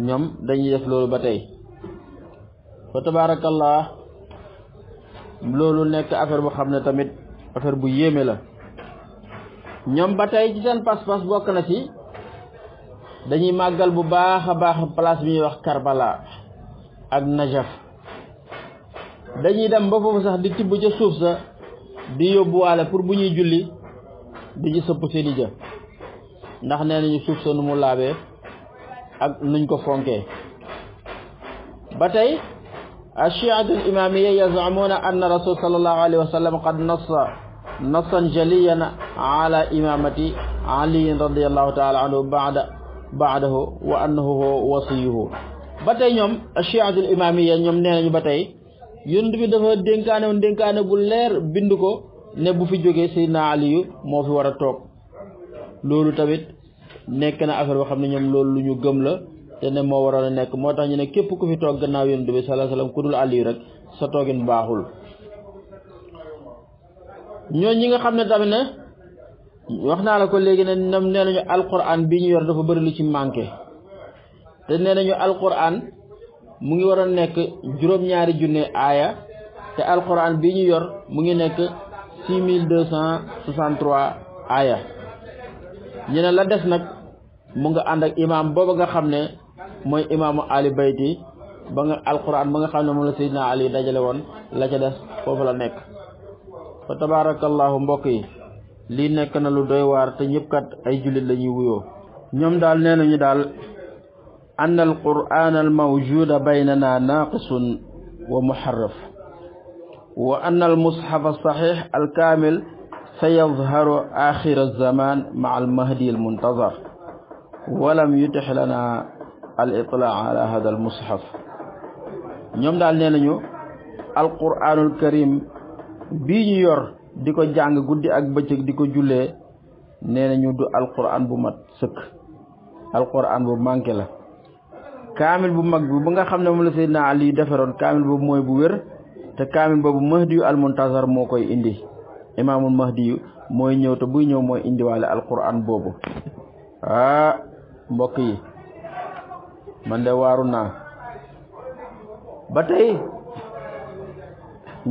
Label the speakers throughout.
Speaker 1: ñom dañuy def lolu ba tey fa tabarakallah lolu nek affaire bu xamne ne tamit affaire bu yeme la ñom ba ci seen pas-pas bok na ci dañuy magal bu baax a baax place bi wax Karbala ak Najaf dañuy dem ba fofu sax di tibbu ci suuf sa di wala pour bu julli di ci sopp seeni jë ndax nee suuf sa mu labé ak nuñ ko fonkee ba tey ashiatu limamiya yazcumuuna anna rasul sallallahu alayhi wa sallam nassa nassan jaliyan ala imamati aliyin radiallahu taala anhu bada baadahu wa annahu huwa wasiyuhu ba tey ñoom ashiatu limamiya ñoom nee nañu ba tey yonent bi dafa dénkaane woon dénkaane bu leer bind ko ne bu fi jógee Seydina Aliyu moo fi war a toog loolu tamit nekke na affaire boo xam ne ñoom loolu lu ñu gëm la te ne moo waroon a nekk moo tax ñu ne képp ku fi toog gannaaw yonent bi sallallahu alayhi wasallam ku dul Aliyu rek sa toogin baaxul ñoo ñi nga xam ne tamit ne wax naa la ko léegi ne ñoom nee nañu alquran bi ñu yor dafa bëri lu ci manqué te nee nañu alquran mu ngi war a nekk juróom-ñaari junne aaya te alquran bi ñu yor mu ngi nekk six mille deux cent aaya ñu la des nag mu nga ànd ak imaam booba nga xam ne mooy imaamu ali bayti ba nga alquran ba nga xam ne moom la seydina ali dajale woon la ca des foofu la nekk fa tabaarakallahu mbokk yi lii nekk na lu doy waar te ñëpp kat ay jullit la wuyoo ñoom daal nee nañu daal an al bay na mawjuda baynana naqisun wa muharraf wa anna al saxiix al سيظهر آخر الزمان مع المهدي المنتظر ولم يتح لنا الإطلاع على هذا المصحف نيوم دال نينيو القران الكريم بي يور ديكو جانغ غودي اك بتيك ديكو جولي نينيو دو القران بو مات سك القران بو مانكي لا كامل بمك بمك بو بوغا خامني مولا سيدنا علي دافرون كامل بو موي بو وير تا كامل بو مهدي المنتظر موكاي اندي imaamul mahdi yu mooy ñëw te buy ñëw mooy indiwaale alquran boobu ah, mbokk yi man de waaru naa ba tey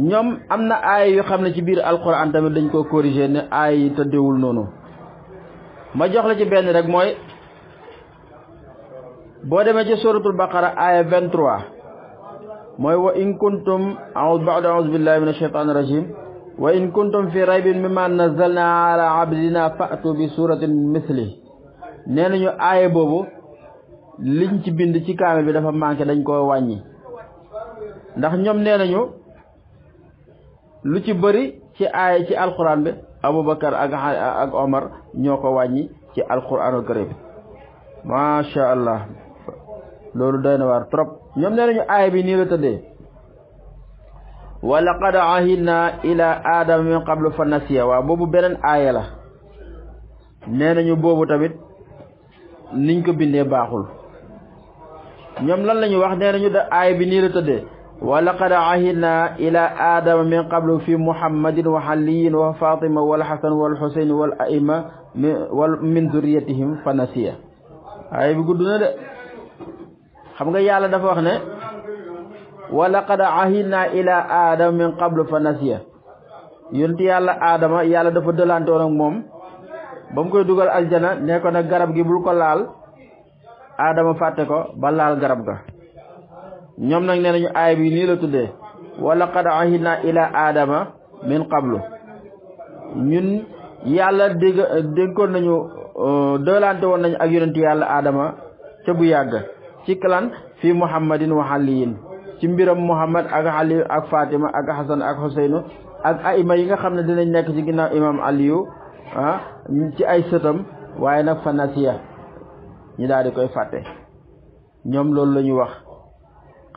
Speaker 1: ñoom am na aay yu xam ne ci biir alquran tamit dañ koo corrigé ne aay yi tëddewul noonu ma jox la ci benn rek mooy boo demee ci suratul baqara aaya mooy wa in kuntum a'udhu ba'da a'udhu billahi minash shaitanir rajim wa in kuntum fi raybin mimma nazzalna ala abdina fa'tu bi suratin misli nee nañu aaya boobu liñ ci bind ci kaamil bi dafa manqué dañ ko wàññi ndax ñoom nee nañu lu ci bëri ci aaya ci alxuraan bi Aboubacar ak ak Omar ñoo ko wàññi ci alquranu karim macha allah loolu doy na waar trop ñoom nee nañu aaya bi nii la tëddee wa laqad ahidna ila aadama min qablu fa nasiya waaw boobu beneen aaya la nee nañu boobu tamit niñ ko bindee baaxul ñoom lan la wax nee nañu da aaya bi nii la tëddee walla laqad ahidna ila aadama min qablu fi muhammadin wa aliyin wa fatima wal xasan wal xusayn wal aima wal wa zurriyatihim fa nasiya aaya bi gudd na de xam nga yàlla dafa wax ne walaqad ahina ila Adam min qablu fa nasiya yonti yàlla aadama yàlla dafa won ak mom bam koy dugal aljana ne ko nag garab gi bul ko lal aadama fàtte ko ba lal garab ga ñom nak bi ni la walaqad ahina ila adama min qablu ñun yàlla dégg ko nañu euh, delante won nañ ak yunti yalla aadama ci bu yagg ci klan fi muhammadin wa halin ci mbiram Muhammad ak Ali ak Fatima ak Hasan ak Huseynu ak aima yi nga xam ne dinañ nekk ci ginnaaw imam Aliyu ah, ci ay sëtam waaye nag fanasiya ñu daal di koy fàtte ñoom loolu la ñu wax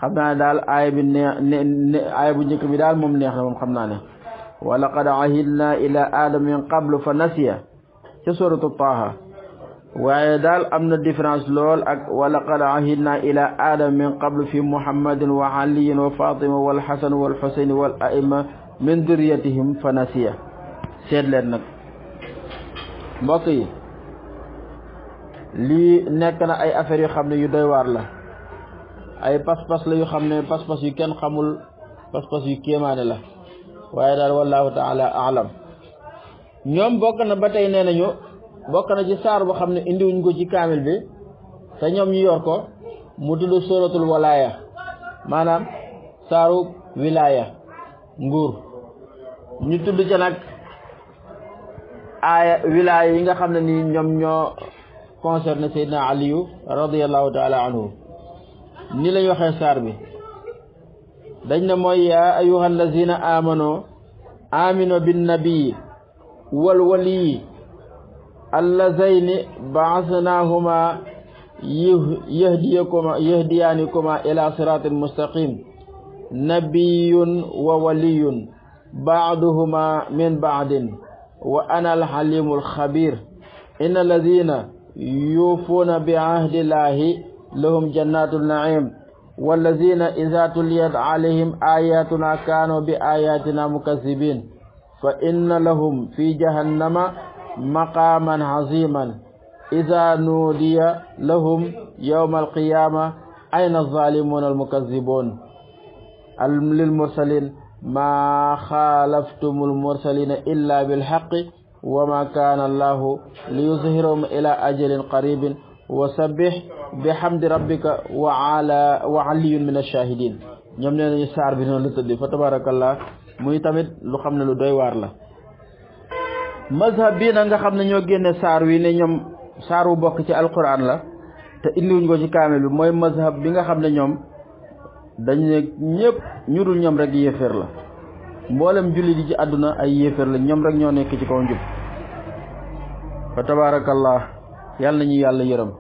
Speaker 1: xam naa ne daal aaya bi ne aaya bu njëkk bi daal moom neex na moom xam naa ne wa laqad ahidna ila aadama min qablu fa nasiya ca suratu taaha waaye daal am na différence lool ak walaqad ahidna ila adam min qabl fi muhammadin wa aliyin wa fatima wa xasan wal xusayn wal aima min duriyatihim fa nasiya seet leen nag mbokk yi lii nekk na ay affaires yu xam ne yu doy waar la ay pas-pas la xam ne pas-pas yu kenn xamul pas-pas yu kéemaane la waaye daal wallahu taala alam ñoom bokk na ba tey nee nañu bokk na ci saar boo xam ne indiwuñ ko ci kaamil bi te ñoom ñu yor ko mu tudd suratul walaaya maanaam saaru wilaaya nguur ñu tudd ca nag aaya wilaaya yi nga xam ne nii ñoom ñoo concerné Seydina Aliyu radiyallahu taala anhu ni lañ waxee saar bi dañ ne mooy yaa ayuha allazina amano amino bin nabii wal waliyi اللذين بعثناهما يهديكما يهديانكما إلى صراط مستقيم نبي وولي بعضهما من بعد وأنا الحليم الخبير إن الذين يوفون بعهد الله لهم جنات النعيم والذين إذا تليت عليهم آياتنا كانوا بآياتنا مكذبين فإن لهم في جهنم مقاما عظيما إذا نودي لهم يوم القيامة أين الظالمون المكذبون للمرسلين ما خالفتم المرسلين إلا بالحق وما كان الله ليظهرهم إلى أجل قريب وسبح بحمد ربك وعلى وعلي من الشاهدين ñoom nee nañu saar bi noonu la tëdd fa tabarakallah muy tamit lu xam lu doy waar la mazhab bii na nga xam ne ñoo génne saar wi ne ñoom saar wu bokk ci alquran la te indiwuñ ko ci kaamil bi mooy mazhab bi nga xam ne ñoom dañ ne ñëpp ñu dul ñoom rek yéeféer la mboolem jullit yi ci àdduna ay yéeféer la ñoom rek ñoo nekk ci kaw njub fa tabaarakallah yàlla nañu yàlla yërëm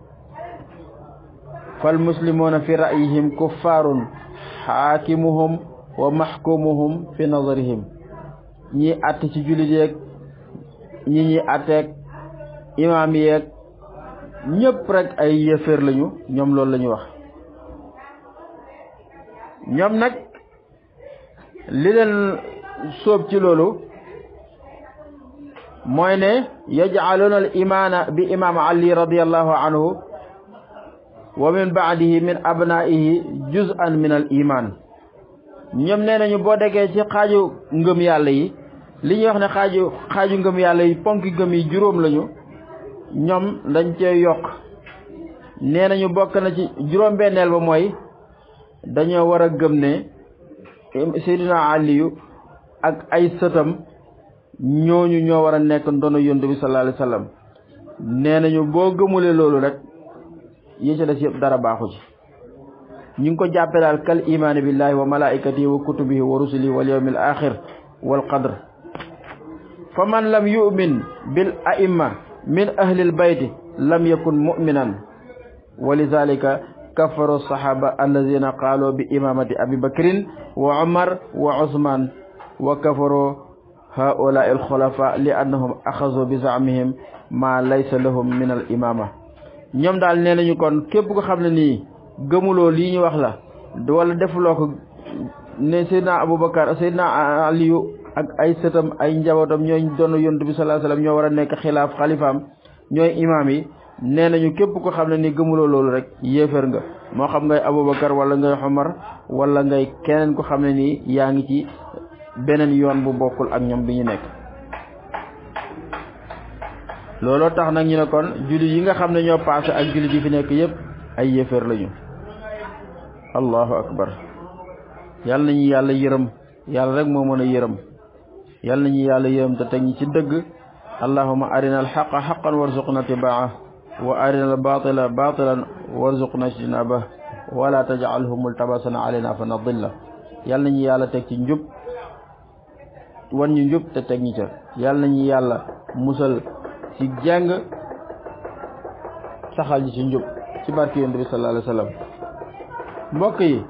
Speaker 1: fal muslimuuna fi ra'yihim kuffaarun xaakimuhum wa maxkumuhum fi nazarihim ñii àtt ci jullit yeeg ñi ñi ateeg imaam yeeg ñëpp rek ay yëfër lañu ñoom loolu la wax ñoom nag li leen sóob ci loolu mooy ne yajcaluuna al imaana bi imaam ali radiallahu anhu wa min baadihi min abnaihi juz'an min al iman ñoom nee nañu boo degee ci xaaju ngëm yàlla yi li ñuy wax ne xaaju xaaju ngëm yàlla yi ponk ngëm yi juróom lañu ñoom dañ cee yokk nee nañu bokk na ci juróom benneel ba mooy dañoo war a gëm ne Seydina Aliyu ak ay sëtam ñooñu ñoo war a nekk ndono yonent bi sallallahu alayhi nee nañu boo gëmulee loolu rek yi ci des yëpp dara baaxu ci ñu ngi ko jàppe daal kal imaani billahi wa malaikatihi wa kutubihi wa rusulihi wal yawmil axir wal qadr فمن لم يؤمن بالأئمة من أهل البيت لم يكن مؤمنا ولذلك كفر الصحابة الذين قالوا بإمامة أبي بكر وعمر وعثمان وكفروا هؤلاء الخلفاء لأنهم أخذوا بزعمهم ما ليس لهم من الإمامة ñom dal nenañu kon képp ko xamné ni gëmulo li ñu wax la do wala def lo ko ak ay sëtam ay njabootam ñooy doon yonent bi sallallahu alayhi ñoo war a nekk xilaaf xalifaam ñooy imaam yi nee nañu képp ko xam ne ni gëmuloo loolu rek yéeféer nga moo xam ngay Aboubacar wala ngay Omar walla ngay keneen ko xam ne nii yaa ngi ci beneen yoon bu bokkul ak ñoom bi ñu nekk looloo tax nag ñu ne kon jullit yi nga xam ne ñoo paase ak jullit yi fi nekk yépp ay yéeféer lañu allahu akbar yàlla nañu yàlla yërëm yàlla rek moo mën a yërëm yal nañu yàlla yëm te teg ñi ci dëgg allahuma arina al xaqa xaqan warzuqna tibaa wa arina al batila batilan warzuqna jinaba wala tajalhu multabasan aleyna fa nadilla yal nañu yàlla teg ci njub wan ñu njub te teg ñi ca yal nañu yàlla musal ci jàng saxal ji ci njub ci barke yonent bi sallallahu alayhi wa sallam mbokk yi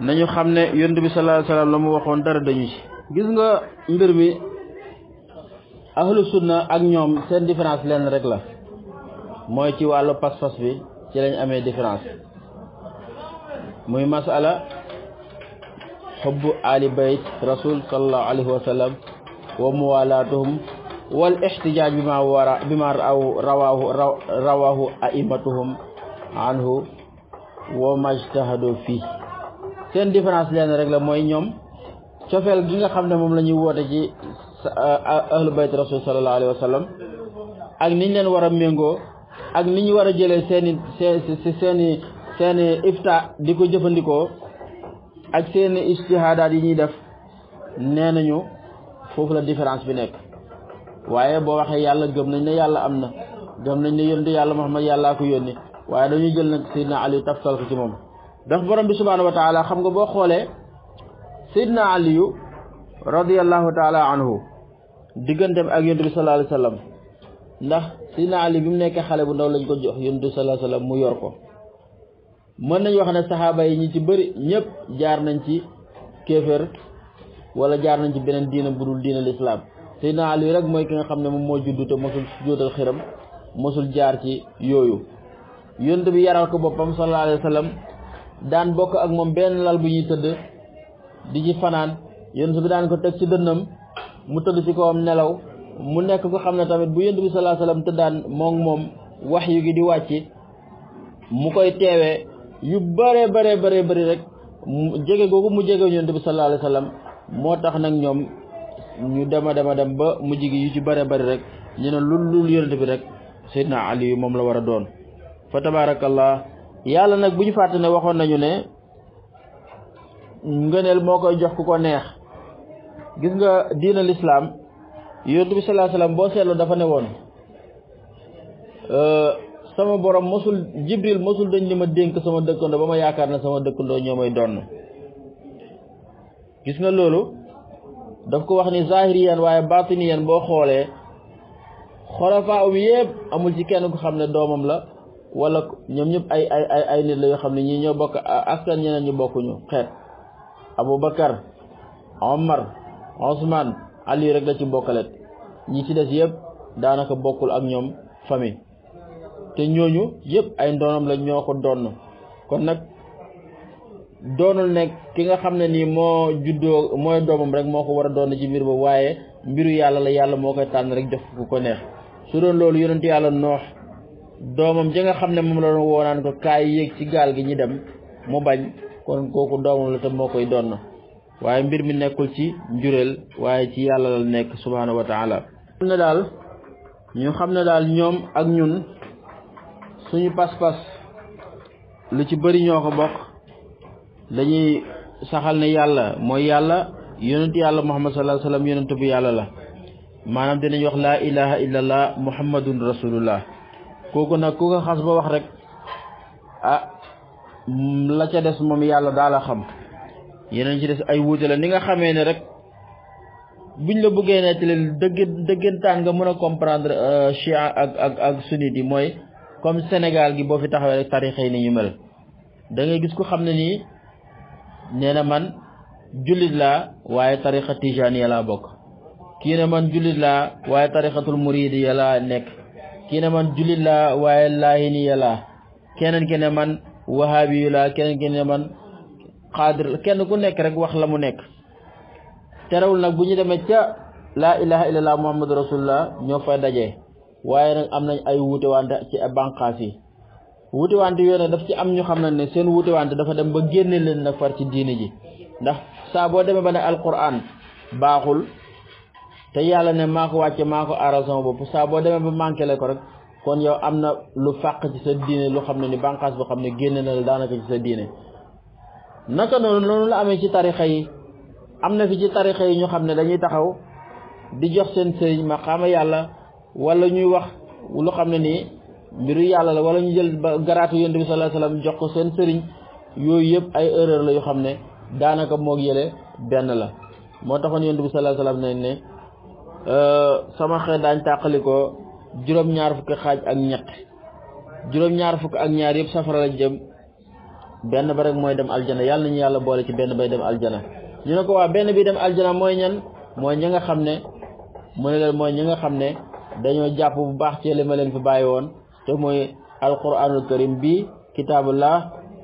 Speaker 1: nañu xam ne yonent bi sallallahu alayhi wa sallam la mu waxoon dara dañu ci gis nga mbir mi ahlu sunna ak ñoom seen différence leen rek la mooy ci wàllu pas-pas bi ci amee différence muy masala xubbu ali bayt rasul sallallahu alayhi wa sallam wa muwalaatuhum wal ixtijaaj bi ma wara bi ma raw rawahu rawahu aimatuhum anhu wa majtahadu fii seen différence leen rek la mooy ñoom cofeel gi nga xam ne moom la ñuy woote ci ahlu bayt rasul sallallahu alayhi wa sallam ak niñ leen war a méngoo ak ni ñu war a jëlee seeni see seeni seeni ifta di ko jëfandikoo ak seeni ijtihaadaat yi ñuy def nee nañu foofu la différence bi nekk waaye boo waxee yàlla gëm nañ ne yàlla am na gëm nañ ne yónni yàlla Muhammad yàllaa ko yónni waaye dañuy jël nag Seydina Ali tafsal ko ci moom ndax borom bi subhaanahu wa taala xam nga boo xoolee Seydina Aliyu radiyallahu taala anhu digganteem ak yonent bi sallallahu alayhi wa sallam ndax Seydina Ali bi mu nekkee xale bu ndaw lañ ko jox yonent bi sallallahu alayhi mu yor ko mën nañu wax ne saxaaba yi ñi ci bëri ñëpp jaar nañ ci kéefër wala jaar nañ ci beneen diina bu dul diina lislaam Seydina yi rek mooy ki nga xam ne moom moo juddu te mosul jóotal xiram mosul jaar ci yooyu yonent bi yaral ko boppam sallallahu alayhi wa daan bokk ak moom benn lal bu ñuy tëdd di ci fanaan yonent bi daan ko teg ci dënnam mu tëdd ci kawam nelaw mu nekk ko xam ne tamit bu yonent bi salaa salaam tëddaan moom moom wax yu di wàcc mu koy teewee yu bare bare bare bëri rek jege googu mu jege yonent bi salaa alayhi moo tax nag ñoom ñu dema dema dem ba mujj gi yu ci rek ñu ne lul bi rek Seydina Ali moom la war a doon fa tabaarakallah yàlla nag bu ñu fàtte ne waxoon nañu ne ngëneel moo koy jox ku ko neex gis nga diina lislaam yonent bi sallallahu boo seetloo dafa ne woon euh, sama borom mosul jibril mosul dañ li ma dénk sama dëkkandoo ba ma yaakaar ne sama dëkkandoo ñoo may donn gis nga loolu daf ko wax ni zahiriyan waaye batiniyan boo xoolee xolafaa um yëpp amul ci kenn ku xam ne doomam la wala ñoom ñëpp ay ay ay ay nit la yoo xam ne ñii ñoo bokk askan ñeneen ñu bokkuñu xeet Abu Bakar Omar Osman, Ali rek la ci mbokalet ñi ci des yëpp daanaka bokul ak ñom fami te ñooñu yeb ay ndonom la ñoko ko kon nak donul nek ki nga xamne ni mo juddo moy domam rek moko wara war ci mbir bo waye mbiru yalla la yalla moko tan rek def ko ko neex su doon lolu yonent yalla noox domam ji nga xamne mom la won nan ko kay yek ci gal gi ñi dem mu bañ kon kooku doomam la te moo koy doon waaye mbir mi nekkul ci njureel waaye ci yàlla la nekk subhaanahu wa taala xam ne daal ñu xam ne daal ñoom ak ñun suñu pas-pas lu ci bëri ñoo ko bokk dañuy saxal ne yàlla mooy yàlla yonent yàlla muhammad sallallahu alayhi wasallam yàlla la maanaam dinañ wax laa muhammadun rasulullah kooku nag ku ko xas ba wax rek ah la ca des moom yàlla daal a xam yeneen ci des ay wuute la ni nga xamee ne rek buñ la buggee nettali dëgg dëggantaan nga mën a comprendre chia euh, ak ak ak sunnit yi mooy comme Sénégal gi boo fi taxawee rek tarixa yi ni ñu mel da ngay gis ko xam ne nii nee na man jullit laa waaye tarixa tijaaniya laa bokk kii ne man jullit laa waaye tarixatul muriidi ya nekk kii ne man jullit laa waaye laahini ya laa keneen ki ne man wahaabi yi laa keneen ki ne man xaadir kenn ku nekk rek wax la mu nekk terewul nag bu ñu demee ca laa ilaha illallah muhammadu rasulullah ñoo fay daje waaye nag am nañ ay wuute wante ci bànqaas yi wuute wante yooyu nag daf ci am ñu xam ne seen wuute dafa dem ba génne leen nag far ci diine ji ndax saa boo demee ba ne alquran baaxul te yàlla ne maa ko wàcce maa ko aara bopp saa boo demee ba manqué le ko rek kon yow am na lu fàq ci sa diine lu xam ne ni bànqaas boo xam ne génn na la daanaka ci sa diine naka noonu noonu la amee ci tarixa yi am na fi ci tarixa yi ñu xam ne dañuy taxaw di jox seen sëriñ ma xaama yàlla wala ñuy wax lu xam ne nii mbiru yàlla la wala ñu jël ba garaatu yonent bi sallallahu alayhi jox ko seen sëriñ yooyu yëpp ay erreur la yoo xam ne daanaka moog yële benn la moo taxoon yonent bi sallallahu alayhi ne ne euh, sama xeet daañ tàqalikoo juróom-ñaar fukki xaaj ak ñett juróom-ñaar fukk ak ñaar yëpp safara lañ jëm benn ba rek mooy dem aljana yàlla nañu yàlla boole ci benn bay dem aljana ñu ne ko waa benn bi dem aljana mooy ñan mooy ñi nga xam ne mu ne leen mooy ñi nga xam ne dañoo jàpp bu baax ci li ma leen fi bàyyi woon te mooy alquranul karim bi kitaabullah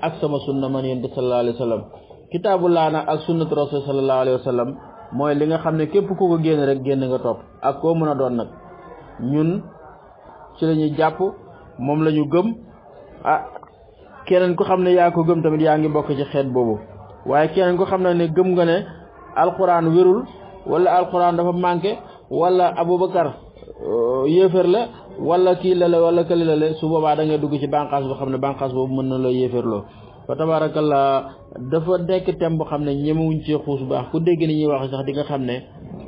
Speaker 1: ak sama sunna man yonent sallallahu alayhi wa sallam laa nag ak sunnatu rasul sallallahu alayhi wa mooy li nga xam ne képp ku ko génn rek génn nga topp ak koo mën a doon nag ci la ñuy jàpp moom lañu gëm ah keneen ku xam ne yaa ko gëm tamit yaa ngi bokk ci xeet boobu waaye keneen ku xam ne ne gëm nga ne alxuraan wérul wala alxuraan dafa manqué wala Aboubacar euh, yéefar la wala kii la la wala këli la la su boobaa da ngay dugg ci bànqaas boo xam ne bànqaas boobu mën na la yéefarloo fa tabaarakallaa dafa nekk thème boo xam ne ñemewuñ ci xuus baax ku dégg ni ñuy wax sax di nga xam ne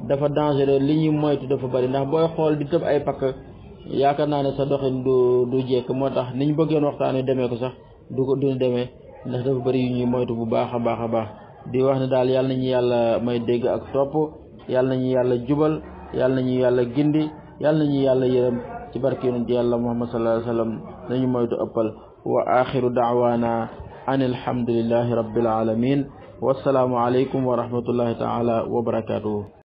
Speaker 1: dafa dangereux li ñuy moytu dafa bari ndax booy xool di tëb ay pakk yaakaar naa ne sa doxin du du jekk moo tax ni niñ bëggoon waxtaanee demee ko sax du ko du demee ndax dafa bari yu ñuy moytu bu baax a baax a baax di wax ne daal yàlla nañu yàlla may dégg ak topp yàlla nañu yàlla jubal yàlla nañu yàlla gindi yàlla nañu yàlla yërëm ci barke yonent yàlla muhammad sallallahu alayhi wa sallam nañu moytu ëppal wa axiru daawaana an alhamdulillahi rabbil alamin wassalaamu aleykum wa rahmatullahi taala wa barakaatuhu